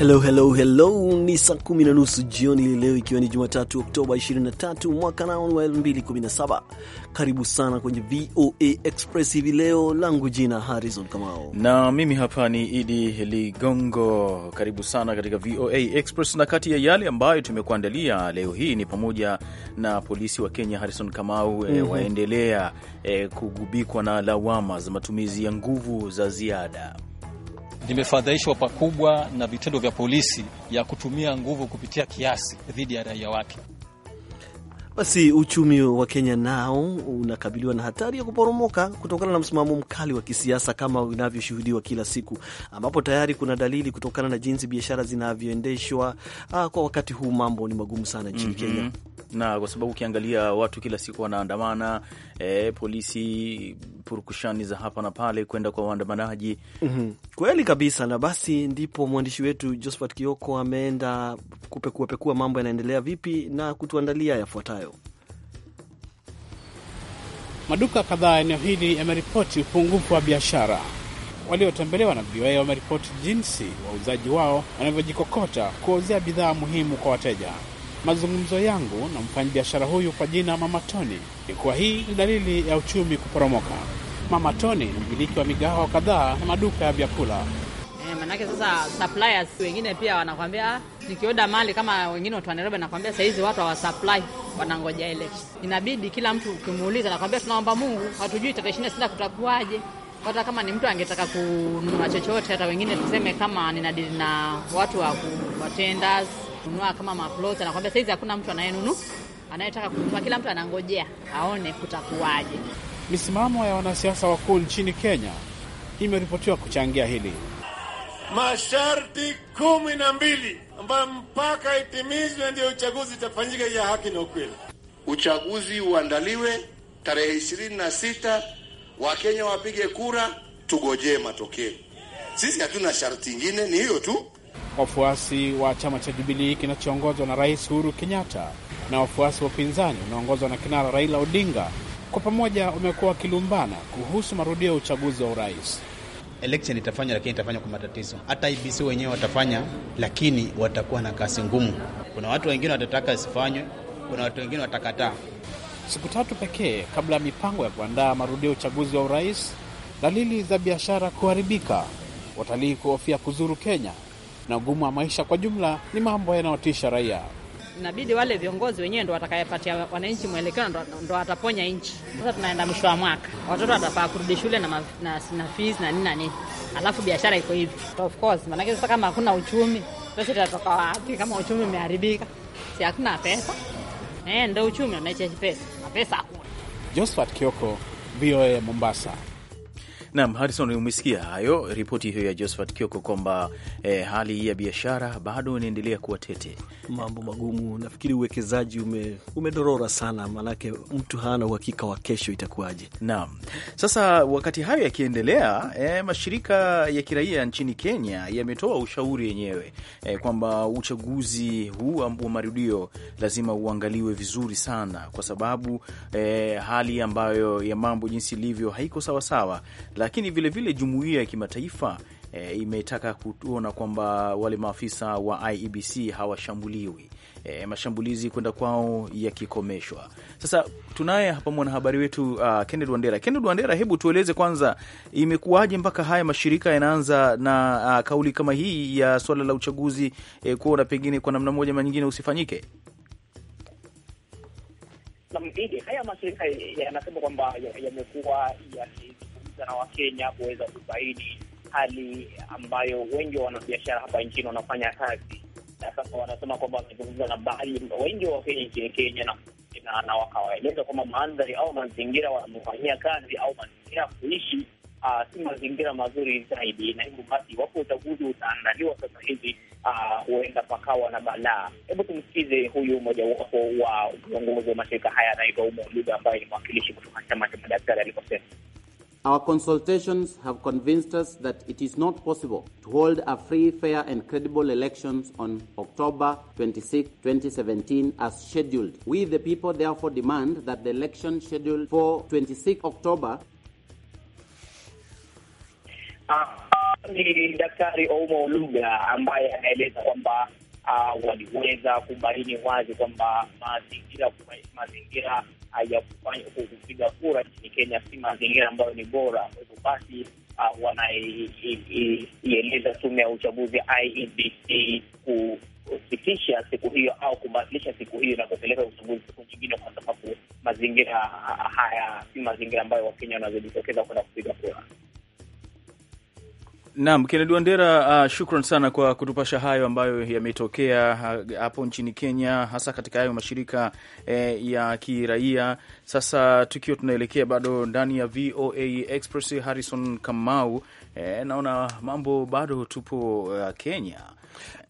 Hello, hello, hello. Ni saa kumi na nusu jioni leo, ikiwa ni Jumatatu Oktoba 23 mwaka naon wa 2017. Karibu sana kwenye VOA Express hivi leo, langu jina Harrison Kamau na mimi hapa ni Idi Ligongo. Karibu sana katika VOA Express, na kati ya yale ambayo tumekuandalia leo hii ni pamoja na polisi wa Kenya, Harrison Kamau, mm -hmm. waendelea eh, kugubikwa na lawama za matumizi ya nguvu za ziada limefadhaishwa pakubwa na vitendo vya polisi ya kutumia nguvu kupitia kiasi dhidi ya raia wake. Basi uchumi wa Kenya nao unakabiliwa na hatari ya kuporomoka kutokana na msimamo mkali wa kisiasa kama unavyoshuhudiwa kila siku, ambapo tayari kuna dalili kutokana na jinsi biashara zinavyoendeshwa. Ah, kwa wakati huu mambo ni magumu sana nchini mm -hmm. Kenya na kwa sababu ukiangalia watu kila siku wanaandamana, e, polisi, purukushani za hapa na pale kwenda kwa waandamanaji. mm -hmm. Kweli kabisa, na basi ndipo mwandishi wetu Josphat Kioko ameenda kupekuapekua mambo yanaendelea vipi na kutuandalia yafuatayo. Maduka kadhaa eneo hili yameripoti upungufu wa biashara. Waliotembelewa na VOA wameripoti jinsi wauzaji wao wanavyojikokota kuwauzia bidhaa muhimu kwa wateja. Mazungumzo yangu na mfanyabiashara huyu kwa jina Mama Toni ilikuwa hii ni dalili ya uchumi kuporomoka. Mama Toni ni mmiliki wa migahawa kadhaa na maduka ya vyakula. E, manake sasa suppliers wengine pia wanakwambia nikioda mali kama wengine watu wa Nairobi nakwambia sahizi watu supply wanangoja election. Inabidi kila mtu ukimuuliza nakwambia tunaomba Mungu, hatujui tarehe ishirini na sita kutakuwaje. Hata kama ni mtu angetaka kununua chochote, hata wengine tuseme kama ninadili na watu wa watenders kununua kama maploti, anakwambia saizi hakuna mtu anayenunu anayetaka kununua, kila mtu anangojea aone kutakuwaje. Misimamo ya wanasiasa wakuu nchini Kenya imeripotiwa kuchangia hili. Masharti kumi na mbili ambayo mpaka itimizwe ndiyo uchaguzi itafanyika ya haki na ukweli. Uchaguzi uandaliwe tarehe ishirini na sita Wakenya wapige kura, tugojee matokeo. Sisi hatuna sharti ingine, ni hiyo tu wafuasi wa chama cha Jubilii kinachoongozwa na Rais Uhuru Kenyatta na wafuasi wa upinzani unaoongozwa na kinara Raila Odinga kwa pamoja wamekuwa wakilumbana kuhusu marudio ya uchaguzi wa urais. Election itafanywa lakini itafanywa kwa matatizo. Hata IBC wenyewe watafanya, lakini watakuwa na kazi ngumu. Kuna watu wengine watataka isifanywe, kuna watu wengine watakataa. Siku tatu pekee kabla ya mipango ya kuandaa marudio ya uchaguzi wa urais, dalili za biashara kuharibika, watalii kuhofia kuzuru Kenya na ugumu wa maisha kwa jumla ni mambo yanayotisha raia. Inabidi wale viongozi wenyewe ndo watakayepatia wananchi mwelekeo, ndo wataponya nchi. Sasa tunaenda mwisho wa mwaka, watoto watafaa kurudi shule na, na, na fees na nini na nini, alafu biashara iko hivi, of course, maanake sasa kama hakuna uchumi, pesa itatoka wapi? Kama uchumi umeharibika, si hakuna pesa e, eh, ndo uchumi unacheshi pesa na pesa hakuna. Josephat Kioko, VOA Mombasa. Naam, Harison, umesikia hayo ripoti hiyo ya Josephat Kioko kwamba eh, hali ya biashara bado inaendelea kuwa tete, mambo magumu. Nafikiri uwekezaji ume, umedorora sana, maanake mtu hana uhakika wa kesho itakuwaje. Naam, sasa wakati hayo yakiendelea, eh, mashirika ya kiraia nchini Kenya yametoa ushauri yenyewe eh, kwamba uchaguzi huu wa marudio lazima uangaliwe vizuri sana, kwa sababu eh, hali ambayo ya mambo jinsi ilivyo haiko sawasawa sawa lakini vilevile jumuiya ya kimataifa e, imetaka kuona kwamba wale maafisa wa IEBC hawashambuliwi, e, mashambulizi kwenda kwao yakikomeshwa. Sasa tunaye hapa mwanahabari wetu uh, Kennedy Wandera. Kennedy Wandera, hebu tueleze kwanza, imekuwaje mpaka haya mashirika yanaanza na uh, kauli kama hii ya swala la uchaguzi e, kuona pengine kwa namna moja ama nyingine usifanyike? Haya mashirika yanasema kwamba yamekuwa ya kabisa na Wakenya kuweza kubaini hali ambayo wengi wa wanabiashara hapa nchini wanafanya kazi na sasa wanasema kwamba wamezungumza na baadhi wengi wa Wakenya nchini Kenya na, na, na wakawaeleza kwamba mandhari au mazingira wanaofanyia kazi au mazingira kuishi uh, si mazingira mazuri zaidi, na hivyo basi, iwapo uchaguzi utaandaliwa sasa hivi, ah, huenda uh, pakawa na balaa. Hebu tumsikize huyu mmoja wapo wa viongozi wa mashirika haya, anaitwa Umo Lugha, ambaye ni mwakilishi kutoka chama cha madaktari alivyosema. Our consultations have convinced us that it is not possible to hold a free, fair, and credible elections on October 26, 2017, as scheduled. We, the people, therefore demand that the election scheduled for 26 October. Ah, ni Daktari Omo Luga ambaye anaeleza kwamba ah, waliweza kubaini wazi kwamba mazingira mazingira ya kufanya kupiga kura nchini Kenya si mazingira ambayo ni bora. Kwa hivyo basi uh, wanaieleza tume ya uchaguzi IEBC kusitisha siku hiyo au kubadilisha siku hiyo na kupeleka uchaguzi siku nyingine, kwa sababu mazingira haya si mazingira ambayo Wakenya wanazojitokeza kwenda kupiga kura. Naam, Kennedy Wandera, uh, shukran sana kwa kutupasha hayo ambayo yametokea hapo nchini Kenya, hasa katika hayo mashirika eh, ya kiraia. Sasa tukiwa tunaelekea bado ndani ya VOA Express, Harrison Kamau, eh, naona mambo bado tupo uh, Kenya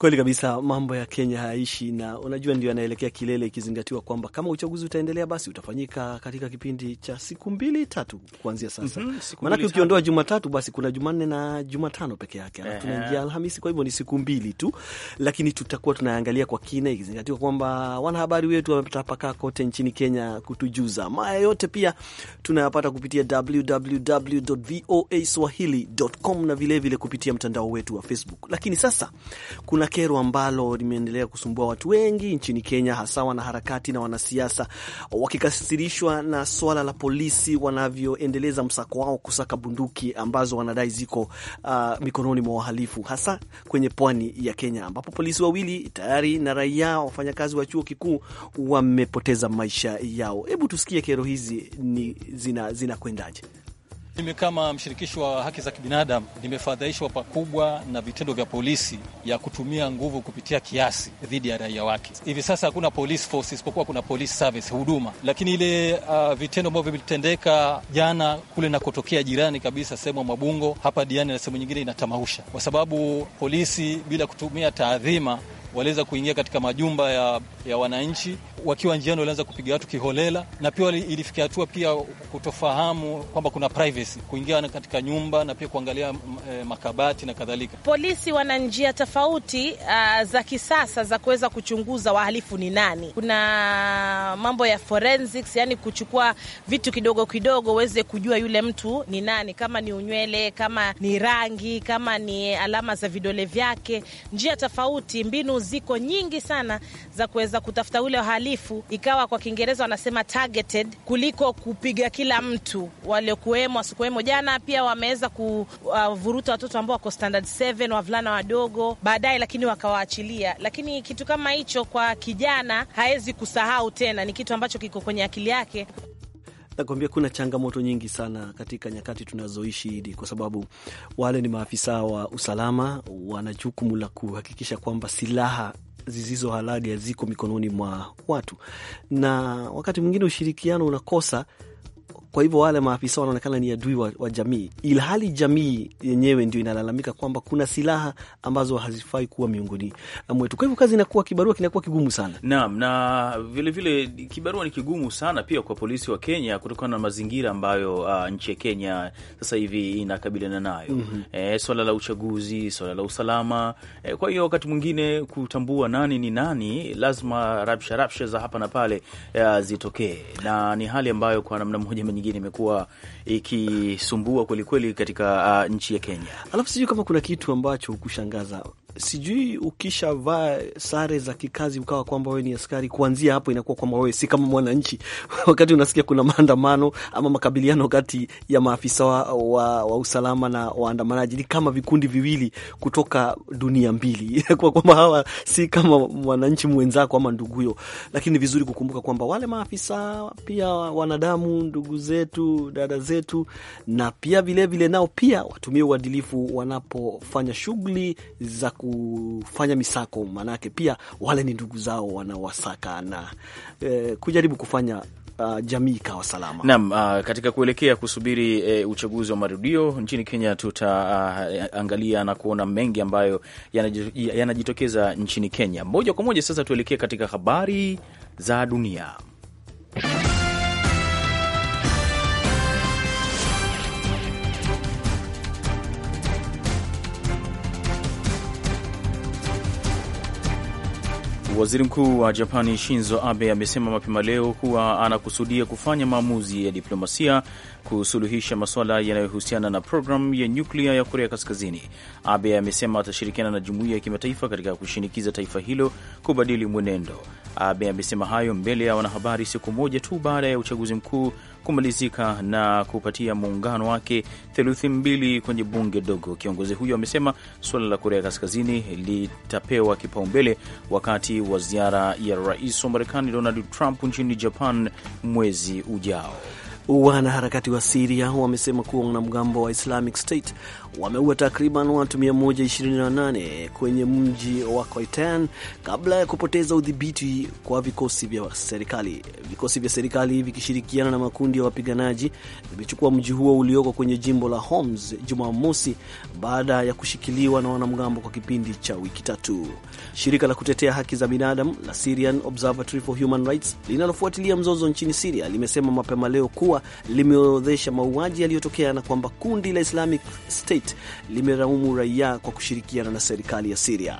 Kweli kabisa, mambo ya Kenya hayaishi, na unajua ndio yanaelekea kilele, ikizingatiwa kwamba kama uchaguzi utaendelea, basi utafanyika katika kipindi cha siku mbili tatu kuanzia sasa. mm -hmm, maanake ukiondoa Jumatatu basi kuna Jumanne na Jumatano peke yake, alafu tunaingia Alhamisi. Kwa hivyo ni siku mbili tu, lakini tutakuwa tunaangalia kwa kina, ikizingatiwa kwamba wanahabari wetu wametapakaa kote nchini Kenya kutujuza maya yote. Pia tunayapata kupitia www.voaswahili.com na vilevile vile kupitia mtandao wetu wa Facebook. Lakini sasa kuna kero ambalo limeendelea kusumbua watu wengi nchini Kenya, hasa wanaharakati na wanasiasa wakikasirishwa na swala la polisi wanavyoendeleza msako wao kusaka bunduki ambazo wanadai ziko uh, mikononi mwa wahalifu, hasa kwenye pwani ya Kenya ambapo polisi wawili tayari na raia wafanyakazi wa chuo kikuu wamepoteza maisha yao. Hebu tusikie kero hizi ni zina, zina mimi kama mshirikisho wa haki za kibinadamu nimefadhaishwa pakubwa na vitendo vya polisi ya kutumia nguvu kupitia kiasi dhidi ya raia wake. Hivi sasa hakuna police force isipokuwa kuna police service huduma, lakini ile uh, vitendo ambavyo vilitendeka jana kule nakotokea jirani kabisa, sehemu ya Mabungo hapa Diani na sehemu nyingine inatamausha, kwa sababu polisi bila kutumia taadhima waliweza kuingia katika majumba ya, ya wananchi. Wakiwa njiani, walianza kupiga watu kiholela, na pia ilifikia hatua pia kutofahamu kwamba kuna privacy, kuingia katika nyumba na pia kuangalia e, makabati na kadhalika. Polisi wana njia tofauti uh, za kisasa za kuweza kuchunguza wahalifu ni nani. Kuna mambo ya forensics, yani kuchukua vitu kidogo kidogo uweze kujua yule mtu ni nani, kama ni unywele, kama ni rangi, kama ni alama za vidole vyake, njia tofauti, mbinu ziko nyingi sana za kuweza kutafuta ule wahalifu, ikawa kwa Kiingereza wanasema targeted, kuliko kupiga kila mtu, waliokuwemo wasikuwemo. Jana pia wameweza kuvuruta watoto ambao wako standard 7 wavulana wadogo baadaye, lakini wakawaachilia. Lakini kitu kama hicho kwa kijana hawezi kusahau tena, ni kitu ambacho kiko kwenye akili yake nakwambia kuna changamoto nyingi sana katika nyakati tunazoishi hidi, kwa sababu wale ni maafisa wa usalama, wana jukumu la kuhakikisha kwamba silaha zisizo halali haziko mikononi mwa watu, na wakati mwingine ushirikiano unakosa kwa hivyo wale maafisa wanaonekana ni adui wa, wa jamii, ilhali jamii yenyewe ndio inalalamika kwamba kuna silaha ambazo hazifai kuwa miongoni mwetu. Kwa hivyo kazi inakuwa kibarua kinakuwa kigumu sana. Naam, na vilevile vile, kibarua ni kigumu sana pia kwa polisi wa Kenya kutokana na mazingira ambayo uh, nchi ya Kenya sasa hivi inakabiliana nayo mm -hmm. E, swala la uchaguzi, swala la usalama e, kwa hiyo wakati mwingine kutambua nani ni nani, lazima rabsha rabsha za hapa na pale uh, zitokee, na ni hali ambayo kwa namna moja nyingine imekuwa ikisumbua kwelikweli katika uh, nchi ya Kenya. Alafu sijui kama kuna kitu ambacho hukushangaza sijui ukishavaa sare za kikazi ukawa kwamba wewe ni askari, kuanzia hapo inakuwa kwamba wewe si kama mwananchi. Wakati unasikia kuna maandamano ama makabiliano kati ya maafisa wa, wa, wa usalama na waandamanaji, ni kama vikundi viwili kutoka dunia mbili kwa kwamba hawa si kama mwananchi mwenzako ama ndugu huyo, lakini vizuri kukumbuka kwamba wale maafisa pia wanadamu, ndugu zetu, dada zetu, na pia vilevile vile nao pia watumie uadilifu wanapofanya shughuli za kufanya misako, maanake pia wale ni ndugu zao wanawasaka na eh, kujaribu kufanya Uh, jamii ikawa salama. Naam, uh, katika kuelekea kusubiri uh, uchaguzi wa marudio nchini Kenya tutaangalia uh, na kuona mengi ambayo yanajitokeza nchini Kenya. Moja kwa moja sasa tuelekee katika habari za dunia. Waziri Mkuu wa Japani Shinzo Abe amesema mapema leo kuwa anakusudia kufanya maamuzi ya diplomasia kusuluhisha masuala yanayohusiana na programu ya nyuklia ya Korea Kaskazini. Abe amesema atashirikiana na jumuiya ya kimataifa katika kushinikiza taifa hilo kubadili mwenendo. Abe amesema hayo mbele ya wanahabari siku moja tu baada ya uchaguzi mkuu kumalizika na kupatia muungano wake theluthi mbili kwenye bunge dogo. Kiongozi huyo amesema suala la Korea Kaskazini litapewa kipaumbele wakati wa ziara ya rais wa Marekani Donald Trump nchini Japan mwezi ujao. Wanaharakati wa Siria wamesema kuwa wanamgambo wa Islamic State wameua takriban watu 128 kwenye mji wa Koitan kabla ya kupoteza udhibiti kwa vikosi vya serikali. Vikosi vya serikali vikishirikiana na makundi ya wapiganaji vimechukua mji huo ulioko kwenye jimbo la Homs Jumamosi baada ya kushikiliwa na wanamgambo kwa kipindi cha wiki tatu. Shirika la kutetea haki za binadamu la Syrian Observatory for Human Rights linalofuatilia mzozo nchini Siria limesema mapema leo kuwa limeorodhesha mauaji yaliyotokea na kwamba kundi la Islamic State Kuwait limelaumu raia kwa kushirikiana na serikali ya Siria.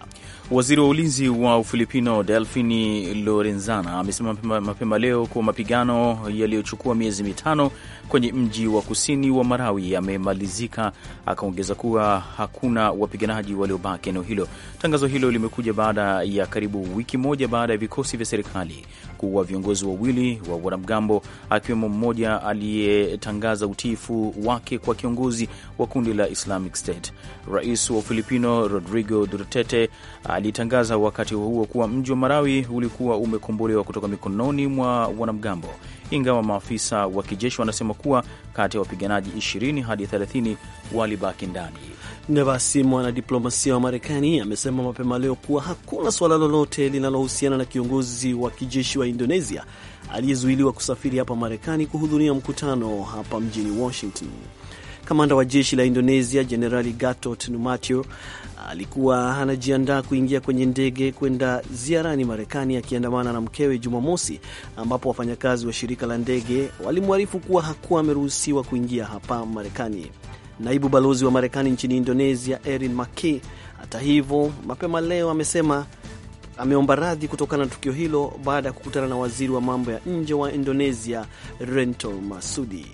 Waziri wa ulinzi wa Ufilipino Delfini Lorenzana amesema mapema leo kuwa mapigano yaliyochukua miezi mitano kwenye mji wa kusini wa Marawi yamemalizika. Akaongeza kuwa hakuna wapiganaji waliobaki eneo hilo. Tangazo hilo limekuja baada ya karibu wiki moja baada ya vikosi vya serikali kuwa viongozi wawili wa wanamgambo, akiwemo mmoja aliyetangaza utiifu wake kwa kiongozi wa kundi la Islam Islamic State. Rais wa Ufilipino Rodrigo Duterte alitangaza wakati huo kuwa mji wa Marawi ulikuwa umekombolewa kutoka mikononi mwa wanamgambo, ingawa maafisa wa kijeshi wanasema kuwa kati ya wapiganaji 20 hadi 30 walibaki ndani. Na basi mwanadiplomasia wa Marekani amesema mapema leo kuwa hakuna suala lolote linalohusiana na kiongozi wa kijeshi wa Indonesia aliyezuiliwa kusafiri hapa Marekani kuhudhuria mkutano hapa mjini Washington. Kamanda wa jeshi la Indonesia Jenerali Gatot Numatio alikuwa anajiandaa kuingia kwenye ndege kwenda ziarani Marekani akiandamana na mkewe Jumamosi, ambapo wafanyakazi wa shirika la ndege walimwarifu kuwa hakuwa ameruhusiwa kuingia hapa Marekani. Naibu balozi wa Marekani nchini Indonesia Erin McKee, hata hivyo, mapema leo amesema ameomba radhi kutokana na tukio hilo baada ya kukutana na waziri wa mambo ya nje wa Indonesia rento masudi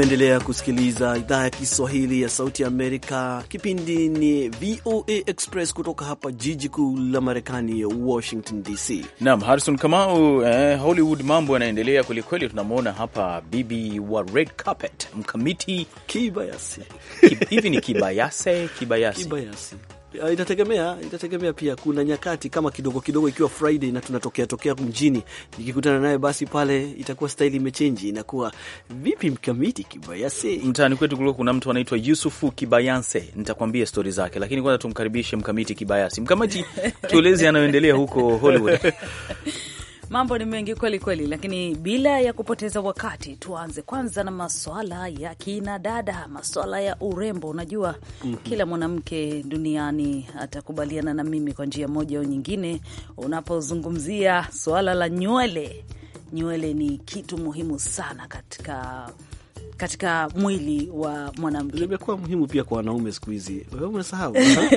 Unaendelea kusikiliza idhaa ya Kiswahili ya Sauti ya Amerika. Kipindi ni VOA Express kutoka hapa jiji kuu la Marekani, Washington DC. Naam, Harrison Kamau. Eh, Hollywood mambo yanaendelea kwelikweli. Tunamwona hapa bibi wa red carpet mkamiti Kibayasi hivi ni Kibayase Kibayasi, Kibayasi. Uh, ah, itategemea pia. Kuna nyakati kama kidogo kidogo, ikiwa Friday na tunatokea tokea mjini, nikikutana naye basi pale itakuwa staili imechange, inakuwa vipi mkamiti kibayase. Mtaani kwetu kulikuwa kuna mtu anaitwa Yusufu Kibayanse, nitakwambia stori zake, lakini kwanza tumkaribishe mkamiti kibayasi. Mkamiti, tueleze anayoendelea huko Hollywood. Mambo ni mengi kweli kweli, lakini bila ya kupoteza wakati, tuanze kwanza na maswala ya kina dada, maswala ya urembo. Unajua mm -hmm. kila mwanamke duniani atakubaliana na mimi kwa njia moja au nyingine, unapozungumzia swala la nywele. Nywele ni kitu muhimu sana katika katika mwili wa mwanamke. Limekuwa muhimu pia kwa wanaume siku hizi, wewe umesahau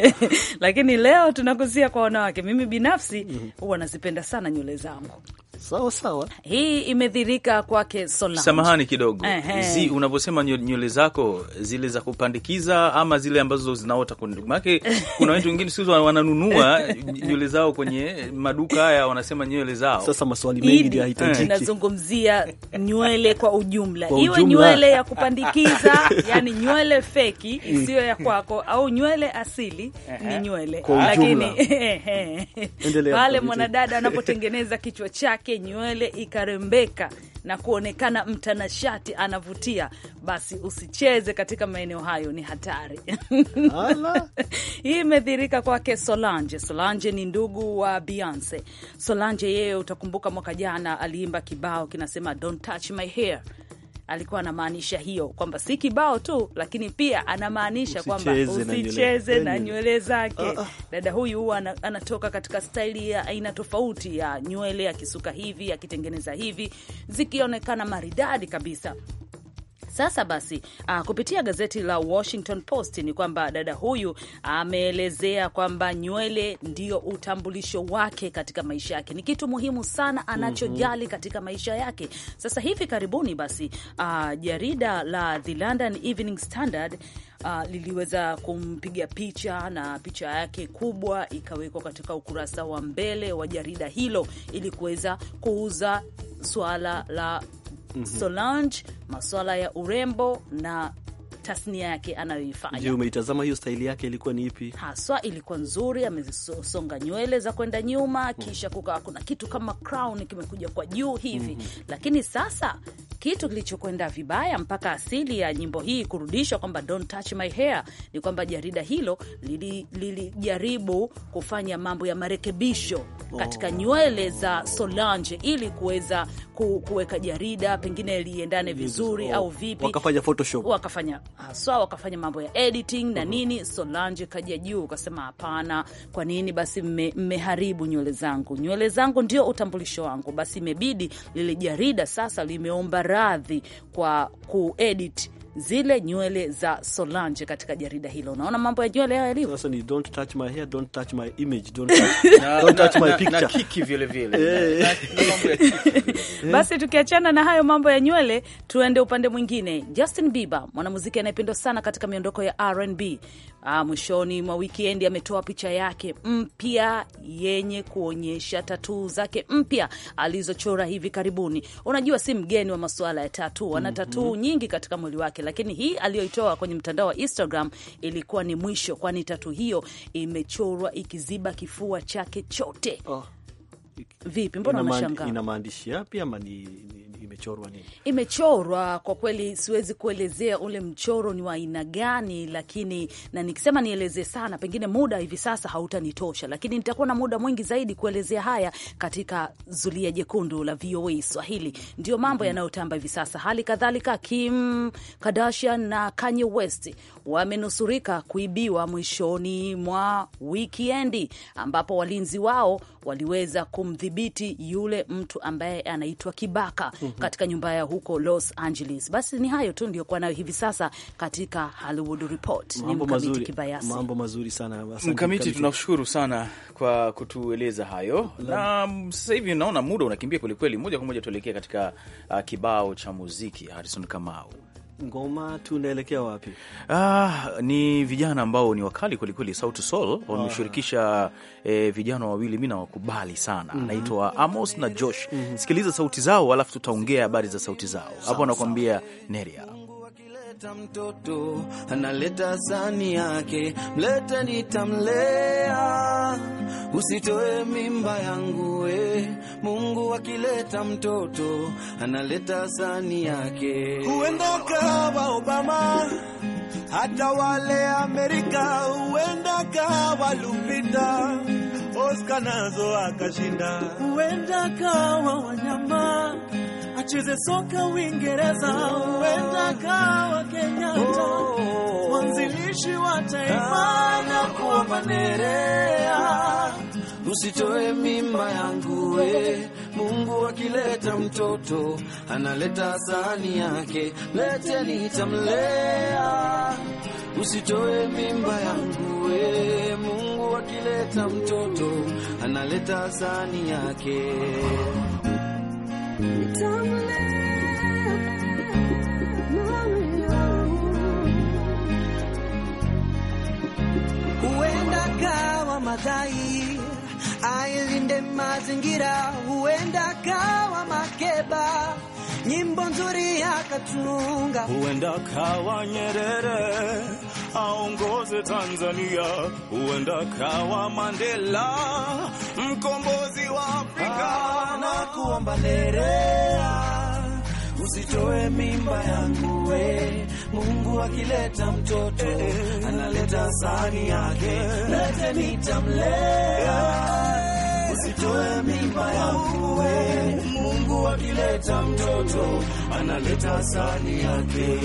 lakini leo tunakuzia kwa wanawake. Mimi binafsi mhm. huwa mm -hmm. nazipenda sana nywele zangu Sawa sawa, hii imedhirika kwake Solange. Samahani kidogo, hizi unavyosema nywele zako zile za kupandikiza ama zile ambazo zinaota make, kuna watu wengine siku wananunua nywele zao kwenye maduka haya, wanasema nywele zao. Sasa maswali mengi hayahitajiki, eh, tunazungumzia nywele kwa ujumla, kwa ujumla, iwe nywele ya kupandikiza yani nywele feki isiyo mm. ya kwako au nywele asili ni nywele, lakini pale mwanadada anapotengeneza kichwa chake yake nywele ikarembeka na kuonekana mtanashati anavutia, basi usicheze katika maeneo hayo, ni hatari. Hii imedhirika kwake Solange. Solange ni ndugu wa Beyonce. Solange yeye, utakumbuka mwaka jana aliimba kibao kinasema don't touch my hair alikuwa anamaanisha hiyo kwamba si kibao tu, lakini pia anamaanisha kwamba usicheze na yaani- nywele zake. Uh, uh. Dada huyu huwa anatoka katika staili ya aina tofauti ya nywele, akisuka hivi, akitengeneza hivi, zikionekana maridadi kabisa, sasa basi, uh, kupitia gazeti la Washington Post ni kwamba dada huyu ameelezea kwamba nywele ndio utambulisho wake katika maisha yake, ni kitu muhimu sana anachojali mhm. katika maisha yake. Sasa hivi karibuni basi, uh, jarida la The London Evening Standard Uh, liliweza kumpiga picha na picha yake kubwa ikawekwa katika ukurasa wa mbele wa jarida hilo ili kuweza kuuza suala la Solange, masuala ya urembo na tasnia yake anayoifanya. Je, umeitazama hiyo staili yake ilikuwa ni ipi haswa? Ilikuwa nzuri, amezisonga nywele za kwenda nyuma, mm-hmm. kisha kukawa kuna kitu kama crown kimekuja kwa juu hivi mm -hmm. Lakini sasa kitu kilichokwenda vibaya mpaka asili ya nyimbo hii kurudishwa kwamba don't touch my hair ni kwamba jarida hilo lilijaribu lili kufanya mambo ya marekebisho katika oh, nywele za Solange ili kuweza kuweka jarida pengine liendane vizuri oh, au vipi, wakafanya Photoshop, wakafanya Ah, haswa, wakafanya mambo ya editing na mhm. nini. Solange kaja juu ukasema, hapana, kwa nini basi mmeharibu nywele zangu? Nywele zangu ndio utambulisho wangu. Basi imebidi lile jarida sasa limeomba radhi kwa kuedit zile nywele za Solange katika jarida hilo. Unaona mambo ya nywele hayo yalivyo. Sasa ni don't touch my hair, don't touch my image, don't don't touch my picture. Na kiki vile vile. Eh. Eh. Basi tukiachana na hayo mambo ya nywele, tuende upande mwingine. Justin Bieber, mwanamuziki anayependwa sana katika miondoko ya R&B, ah, mwishoni mwa wikendi ametoa picha yake mpya yenye kuonyesha tatuu zake mpya alizochora hivi karibuni. Unajua si mgeni wa masuala ya tatuu, ana mhm. tatuu nyingi katika mwili wake, lakini hii aliyoitoa kwenye mtandao wa Instagram ilikuwa ni mwisho, kwani tatuu hiyo imechorwa ikiziba kifua chake chote. Oh. Vipi, mbona unashangaa? Ina maandishi yapi ama ni, ni, imechorwa nini? Imechorwa kwa kweli, siwezi kuelezea ule mchoro ni wa aina gani, lakini na nikisema nielezee sana, pengine muda hivi sasa hautanitosha, lakini nitakuwa na muda mwingi zaidi kuelezea haya katika zulia jekundu la VOA Swahili. Ndio mambo mm -hmm. yanayotamba hivi sasa. Hali kadhalika Kim Kardashian na Kanye West wamenusurika kuibiwa mwishoni mwa wikiendi, ambapo walinzi wao waliweza kumdhibiti yule mtu ambaye anaitwa Kibaka mm -hmm katika nyumba ya huko Los Angeles. Basi ni hayo tu ndiokuwa nayo hivi sasa katika Hollywood Report. mambo mazuri sana mkamiti, tunashukuru sana kwa kutueleza hayo na sasa hivi naona muda unakimbia kwelikweli. Moja kwa moja tuelekea katika uh, kibao cha muziki Harrison Kamau ngoma tunaelekea wapi? Ah, ni vijana ambao ni wakali kwelikweli. Sauti Sol ah. wameshirikisha eh, vijana wawili mi nawakubali sana, anaitwa mhm. mm -hmm. Amos na Josh mm -hmm. Sikiliza sauti zao, alafu tutaongea habari za sauti zao hapo. Anakuambia Neria analeta mtoto analeta sani yake, mlete nitamlea, usitoe mimba yangu we. Mungu akileta mtoto analeta sani yake, huenda kawa Obama hata wale Amerika huenda Lupita Oscar nazo akashinda, huenda kawa wanyama acheze soka Uingereza, huenda kawa Kenyatta oh. mwanzilishi wa taifa na kuwa Manerea. Usitoe mimba yangu we Mungu akileta mtoto analeta sahani yake, lete nitamlea, usitoe mimba yangu we. Mungu akileta mtoto analeta sahani yake nitamlea, huenda kawa madai ailinde mazingira, huenda kawa Makeba, nyimbo nzuri akatunga, huenda kawa Nyerere aongoze Tanzania, huenda kawa Mandela mkombozi wa Afrika, na kuomba Nerea usitoe mimba yangu we. Mungu akileta mtoto analeta sahani yake, lete nitamlea Usitoe mimba yangu we, Mungu akileta mtoto analeta sahani yake.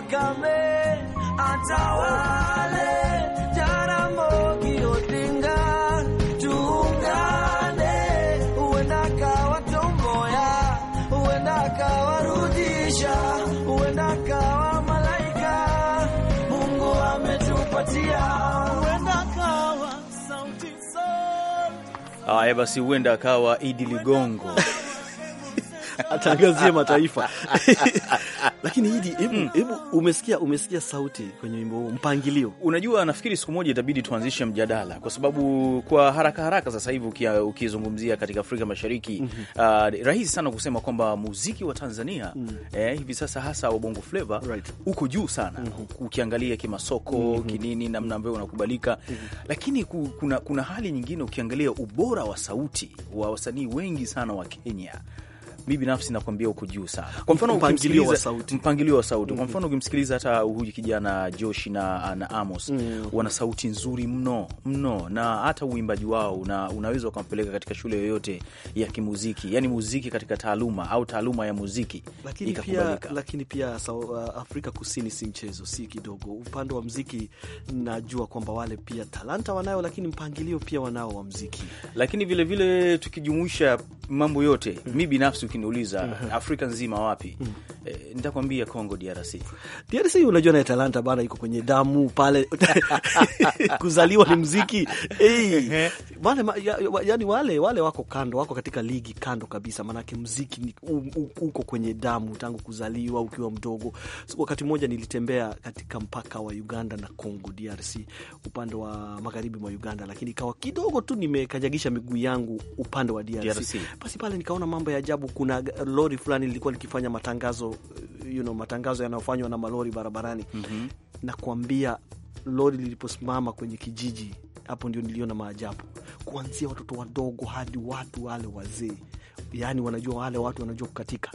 Kagame atawale. Jaramogi Odinga, tuungane, huenda akawatomboya, huenda akawarudisha, huenda kawa malaika Mungu ametupatia. Haya basi, huenda akawa Idi Ligongo atangazie mataifa lakini hidi, hebu hmm. hebu, umesikia umesikia sauti kwenye wimbo huo mpangilio. Unajua, nafikiri siku moja itabidi tuanzishe mjadala, kwa sababu kwa haraka haraka sasa hivi ukizungumzia katika Afrika Mashariki mm -hmm. uh, rahisi sana kusema kwamba muziki wa Tanzania mm -hmm. eh, hivi sasa hasa wa Bongo Flava right. uko juu sana mm -hmm. ukiangalia kimasoko mm -hmm. kinini, namna ambavyo unakubalika mm -hmm. lakini kuna, kuna hali nyingine ukiangalia ubora wa sauti wa wasanii wengi sana wa Kenya mi binafsi nakwambia uko juu sana. Kwa mfano mpangilio wa sauti, mpangilio wa sauti. Kwa mm-hmm. mfano ukimsikiliza hata huyu kijana Joshi na, na Amos mm. -hmm. wana sauti nzuri mno mno, na hata uimbaji wao una, unaweza ukampeleka katika shule yoyote ya kimuziki, yani muziki katika taaluma au taaluma ya muziki lakini Pia, lakini pia uh, Afrika Kusini si mchezo, si kidogo. Upande wa mziki najua kwamba wale pia talanta wanayo, lakini mpangilio pia wanao wa mziki, lakini vilevile tukijumuisha mambo yote mm. mi binafsi ukiniuliza uh -huh. Afrika nzima wapi? uh eh, -huh. E, nitakwambia Congo DRC. DRC unajua na talanta bana iko kwenye damu pale kuzaliwa ni mziki hey. Bale, ya, yani wale wale wako kando, wako katika ligi kando kabisa, maanake mziki uko kwenye damu tangu kuzaliwa ukiwa mdogo. So, wakati mmoja nilitembea katika mpaka wa Uganda na Congo DRC upande wa magharibi mwa Uganda, lakini ikawa kidogo tu nimekajagisha miguu yangu upande wa DRC. DRC. Basi pale nikaona mambo ya ajabu kuna lori fulani lilikuwa likifanya matangazo eh, you know, matangazo yanayofanywa na malori barabarani mm -hmm. kuambia lori liliposimama kwenye kijiji hapo ndio niliona maajabu, kuanzia watoto wadogo hadi watu wale wazee, yaani wanajua wale watu wanajua kukatika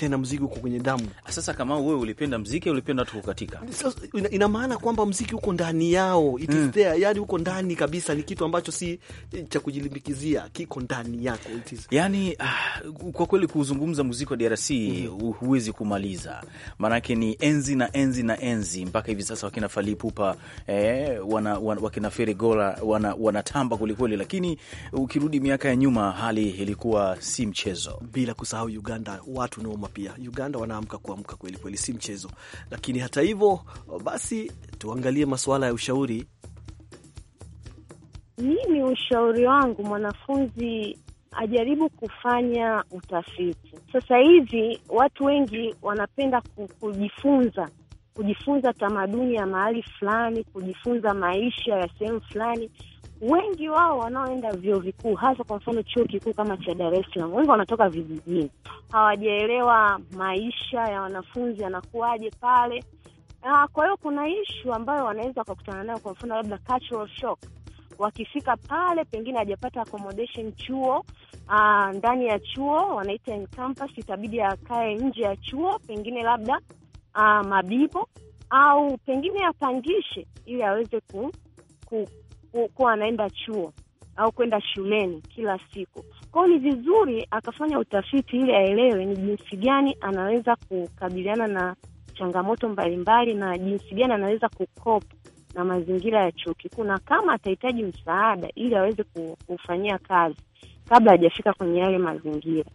tena mziki uko kwenye damu. Sasa kama wewe ulipenda mziki au ulipenda tu kukatika, ina, ina maana kwamba mziki uko ndani yao, it is mm. there, yani uko ndani kabisa, ni kitu ambacho si eh, cha kujilimbikizia, kiko ndani yako it is. Yani ah, kwa kweli kuzungumza muziki wa DRC mm. huwezi kumaliza, maanake ni enzi na enzi na enzi mpaka hivi sasa wakina Fally Ipupa eh, wana, wana, wakina Fere Gola wana, wanatamba kwelikweli, lakini ukirudi miaka ya nyuma hali ilikuwa si mchezo, bila kusahau Uganda watu nao pia Uganda wanaamka kuamka kweli kweli, si mchezo. Lakini hata hivyo basi, tuangalie masuala ya ushauri. Mimi ushauri wangu mwanafunzi ajaribu kufanya utafiti. Sasa hivi watu wengi wanapenda kujifunza kujifunza tamaduni ya mahali fulani, kujifunza maisha ya sehemu fulani wengi wao wanaoenda vyuo vikuu hasa kwa mfano chuo kikuu kama cha Dar es Salaam, wengi wanatoka vijijini, hawajaelewa maisha ya wanafunzi yanakuwaje pale. Uh, kwa hiyo kuna ishu ambayo wanaweza wakakutana nayo, kwa mfano labda cultural shock wakifika pale pengine hajapata accommodation chuo uh, ndani ya chuo wanaita in campus, itabidi akae nje ya chuo, pengine labda uh, ah, Mabibo au pengine apangishe ili aweze ku, ku, kuwa anaenda chuo au kwenda shuleni kila siku. Kwao ni vizuri akafanya utafiti ili aelewe ni jinsi gani anaweza kukabiliana na changamoto mbalimbali na jinsi gani anaweza kukopa na mazingira ya chuo kikuu, na kama atahitaji msaada ili aweze kufanyia kazi kabla hajafika kwenye yale mazingira.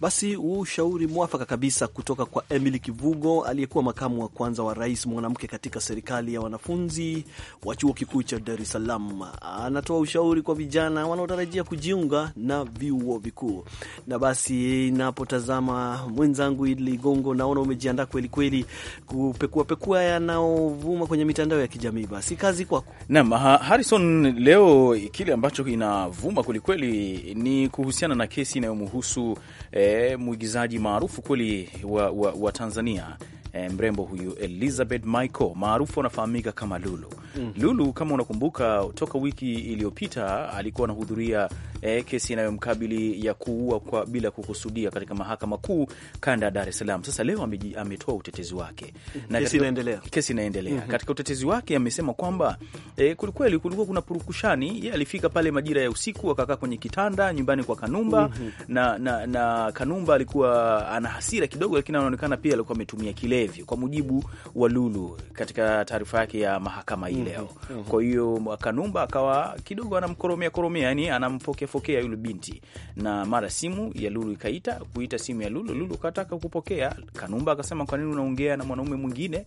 Basi huu ushauri mwafaka kabisa kutoka kwa Emily Kivugo, aliyekuwa makamu wa kwanza wa rais mwanamke katika serikali ya wanafunzi wa chuo kikuu cha Dar es Salaam. Anatoa ushauri kwa vijana wanaotarajia kujiunga na vyuo vikuu. Na basi napotazama mwenzangu Idli Gongo, naona umejiandaa kwelikweli kupekuapekua yanaovuma kwenye mitandao ya kijamii. Basi kazi kwako. Naam, Harrison, leo kile ambacho inavuma kwelikweli ni kuhusiana na kesi inayomhusu eh, Eh, mwigizaji maarufu kweli wa, wa, wa Tanzania e, mrembo huyu Elizabeth Michael maarufu anafahamika kama Lulu. Mm -hmm. Lulu kama unakumbuka, toka wiki iliyopita alikuwa anahudhuria e, kesi inayomkabili ya kuua kwa bila kukusudia katika mahakama kuu kanda ya Dar es Salaam. Sasa leo ametoa utetezi wake mm-hmm. na kesi inaendelea, kesi inaendelea. Mm -hmm. Katika utetezi wake amesema kwamba e, kulikweli kulikuwa kuna purukushani. Yeye alifika pale majira ya usiku akakaa kwenye kitanda nyumbani kwa Kanumba. Mm -hmm. na, na, na Kanumba alikuwa ana hasira kidogo, lakini anaonekana pia alikuwa ametumia kile ulevi, kwa mujibu wa Lulu katika taarifa yake ya mahakama hii mhm, leo. Mhm. Kwa hiyo Kanumba akawa kidogo anamkoromea koromea, yani anamfokeafokea yule binti, na mara simu ya Lulu ikaita, kuita simu ya Lulu, Lulu kataka kupokea. Kanumba akasema, kwa nini unaongea na mwanaume mwingine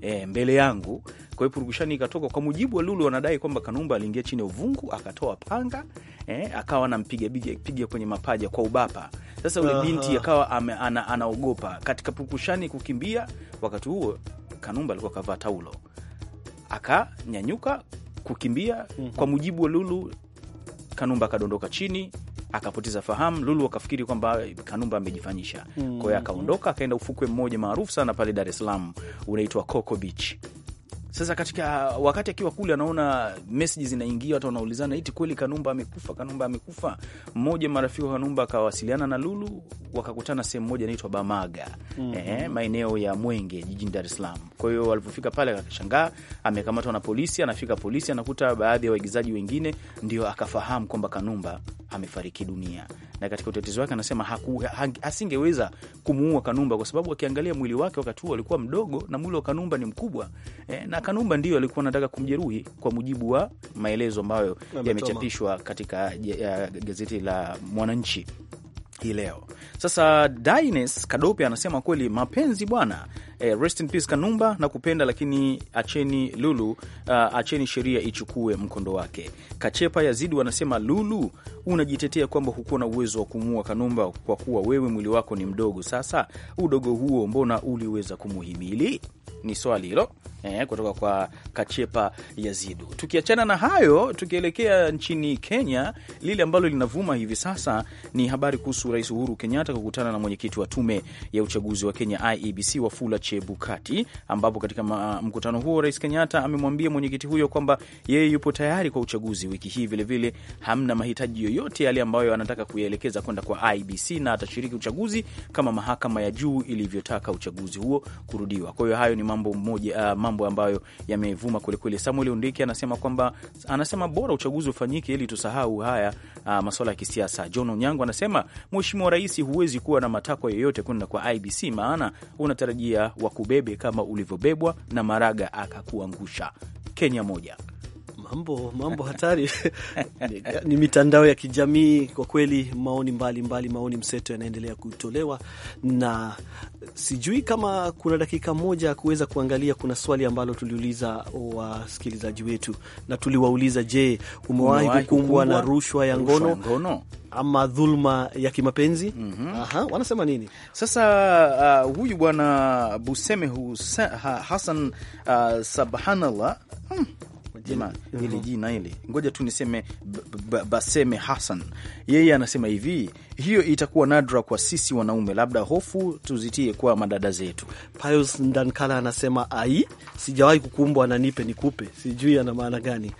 e, mbele yangu? Kwa hiyo purugushani ikatoka. Kwa mujibu wa Lulu wanadai kwamba Kanumba aliingia chini ya uvungu, akatoa panga e, akawa anampiga piga kwenye mapaja kwa ubapa. Sasa yule binti akawa anaogopa, katika purukushani kukimbia wakati huo Kanumba alikuwa kavaa taulo, akanyanyuka kukimbia mm -hmm. kwa mujibu wa Lulu, Kanumba akadondoka chini akapoteza fahamu. Lulu akafikiri kwamba Kanumba amejifanyisha, mhm. kwa hiyo akaondoka, akaenda ufukwe mmoja maarufu sana pale Dar es Salaam unaitwa Coco Beach. Sasa katika wakati akiwa kule, anaona meseji zinaingia, watu wanaulizana iti kweli Kanumba amekufa, Kanumba amekufa. Mmoja marafiki wa Kanumba akawasiliana na Lulu, wakakutana sehemu moja inaitwa Bamaga mm -hmm. eh, maeneo ya Mwenge jijini Dar es Salaam. Kwa hiyo walipofika pale akashangaa amekamatwa na polisi. Anafika polisi anakuta baadhi ya wa waigizaji wengine, ndio akafahamu kwamba Kanumba amefariki dunia, na katika utetezi wake anasema asingeweza kumuua Kanumba kwa sababu akiangalia mwili wake wakati huo alikuwa mdogo na mwili wa Kanumba ni mkubwa e, na Kanumba ndio alikuwa anataka kumjeruhi, kwa mujibu wa maelezo ambayo yamechapishwa katika ya, eh, gazeti la Mwananchi hii leo. Sasa Daines Kadope anasema kweli mapenzi bwana eh, rest in peace Kanumba na kupenda, lakini acheni Lulu, uh, acheni sheria ichukue mkondo wake. Kachepa Yazidi wanasema Lulu, unajitetea kwamba hukuwa na uwezo wa kumua Kanumba kwa kuwa wewe mwili wako ni mdogo. Sasa udogo huo mbona uliweza kumuhimili? Ni swali hilo eh, kutoka kwa Kachepa Yazidu. Tukiachana na hayo, tukielekea nchini Kenya, lile ambalo linavuma hivi sasa ni habari kuhusu Rais Uhuru Kenyatta kukutana na mwenyekiti wa tume ya uchaguzi wa Kenya IEBC Wafula Chebukati, ambapo katika mkutano huo Rais Kenyatta amemwambia mwenyekiti huyo kwamba yeye yupo tayari kwa uchaguzi wiki hii, vilevile hamna mahitaji yoyote yale ambayo anataka kuyaelekeza kwenda kwa IBC na atashiriki uchaguzi kama mahakama ya juu ilivyotaka uchaguzi huo kurudiwa. Kwa hiyo hayo ni mambo moja, uh, mambo ambayo yamevuma kwelikweli. Samuel Undiki anasema kwamba anasema bora uchaguzi ufanyike ili tusahau haya uh, masuala ya kisiasa. John Onyango anasema Mheshimiwa Rais, huwezi kuwa na matakwa yoyote kwenda kwa IBC maana unatarajia wakubebe kama ulivyobebwa na Maraga akakuangusha. Kenya moja mambo mambo hatari ni, ni mitandao ya kijamii kwa kweli, maoni mbalimbali mbali, maoni mseto yanaendelea kutolewa, na sijui kama kuna dakika moja kuweza kuangalia. Kuna swali ambalo tuliuliza wasikilizaji wetu na tuliwauliza, je, umewahi kukumbwa na rushwa ya ngono, ama dhulma ya kimapenzi? mm -hmm. Aha, wanasema nini sasa? Uh, huyu bwana Buseme Hasan uh, Sabhanallah hmm hili jina hili, ngoja tu niseme Baseme Hassan. Yeye anasema hivi, hiyo itakuwa nadra kwa sisi wanaume, labda hofu tuzitie kwa madada zetu. Pius Ndankala anasema ai, sijawahi kukumbwa na nipe nikupe, sijui ana maana gani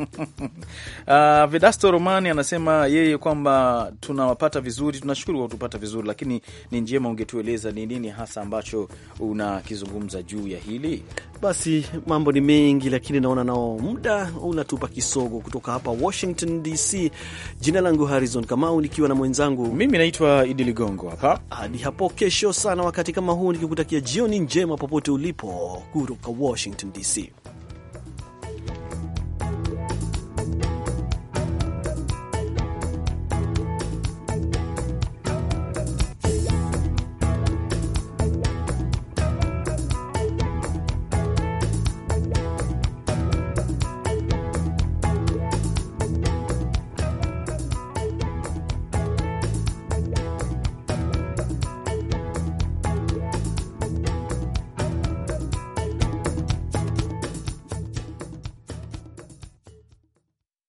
Uh, Vedasto Romani anasema yeye kwamba tunawapata vizuri, tunashukuru kwa kutupata vizuri, lakini ni njema ungetueleza ni nini hasa ambacho unakizungumza juu ya hili. Basi mambo ni mengi, lakini naona nao muda unatupa kisogo. Kutoka hapa Washington DC, jina langu Harrison Kamau, nikiwa na mwenzangu mimi naitwa Idi Ligongo hapa hadi hapo kesho sana wakati kama huu, nikikutakia jioni njema popote ulipo kutoka Washington DC.